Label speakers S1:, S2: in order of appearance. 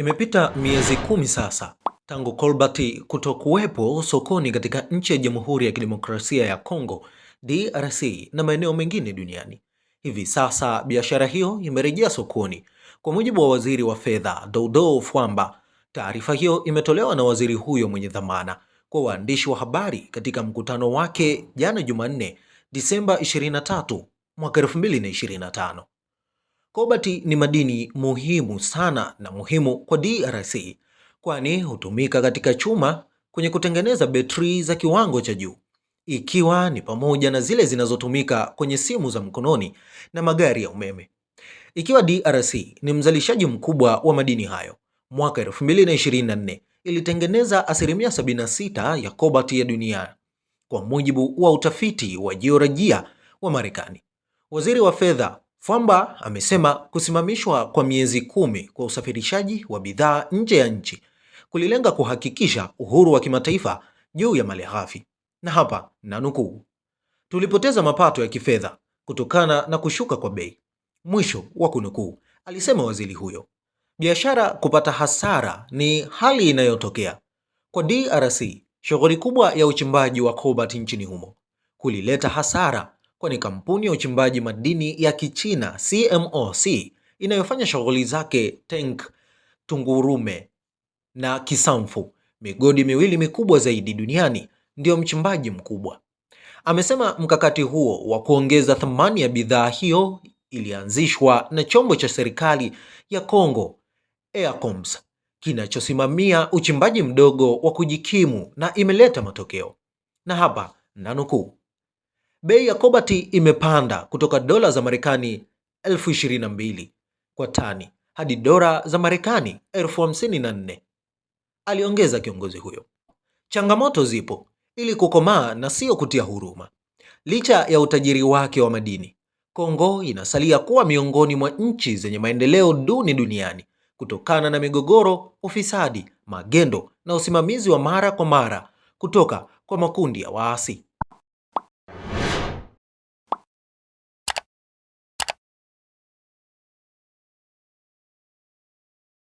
S1: Imepita miezi kumi sasa tangu Colbert kutokuwepo sokoni katika nchi ya Jamhuri ya Kidemokrasia ya Kongo DRC na maeneo mengine duniani. Hivi sasa biashara hiyo imerejea sokoni kwa mujibu wa waziri wa fedha dodo Fwamba. Taarifa hiyo imetolewa na waziri huyo mwenye dhamana kwa waandishi wa habari katika mkutano wake jana Jumanne, Disemba 23 mwaka 2025. Kobati ni madini muhimu sana na muhimu kwa DRC kwani hutumika katika chuma kwenye kutengeneza betri za kiwango cha juu ikiwa ni pamoja na zile zinazotumika kwenye simu za mkononi na magari ya umeme. Ikiwa DRC ni mzalishaji mkubwa wa madini hayo, mwaka 2024 ilitengeneza asilimia 76 ya kobati ya dunia kwa mujibu wa utafiti wa jiolojia wa Marekani. Waziri wa fedha Fwamba amesema kusimamishwa kwa miezi kumi kwa usafirishaji wa bidhaa nje ya nchi kulilenga kuhakikisha uhuru wa kimataifa juu ya malighafi, na hapa na nukuu, tulipoteza mapato ya kifedha kutokana na kushuka kwa bei, mwisho wa kunukuu, alisema waziri huyo. Biashara kupata hasara ni hali inayotokea kwa DRC. Shughuli kubwa ya uchimbaji wa cobalt nchini humo kulileta hasara kwani kampuni ya uchimbaji madini ya Kichina CMOC inayofanya shughuli zake Tenk, Tungurume na Kisamfu, migodi miwili mikubwa zaidi duniani, ndiyo mchimbaji mkubwa. Amesema mkakati huo wa kuongeza thamani ya bidhaa hiyo ilianzishwa na chombo cha serikali ya Kongo Aircoms kinachosimamia uchimbaji mdogo wa kujikimu na imeleta matokeo, na hapa nanukuu: Bei ya kobati imepanda kutoka dola za Marekani elfu ishirini na mbili kwa tani hadi dola za Marekani elfu hamsini na nne aliongeza kiongozi huyo. Changamoto zipo ili kukomaa na sio kutia huruma. Licha ya utajiri wake wa madini, Kongo inasalia kuwa miongoni mwa nchi zenye maendeleo duni duniani kutokana na migogoro, ufisadi, magendo na usimamizi wa mara kwa mara kutoka kwa makundi ya waasi.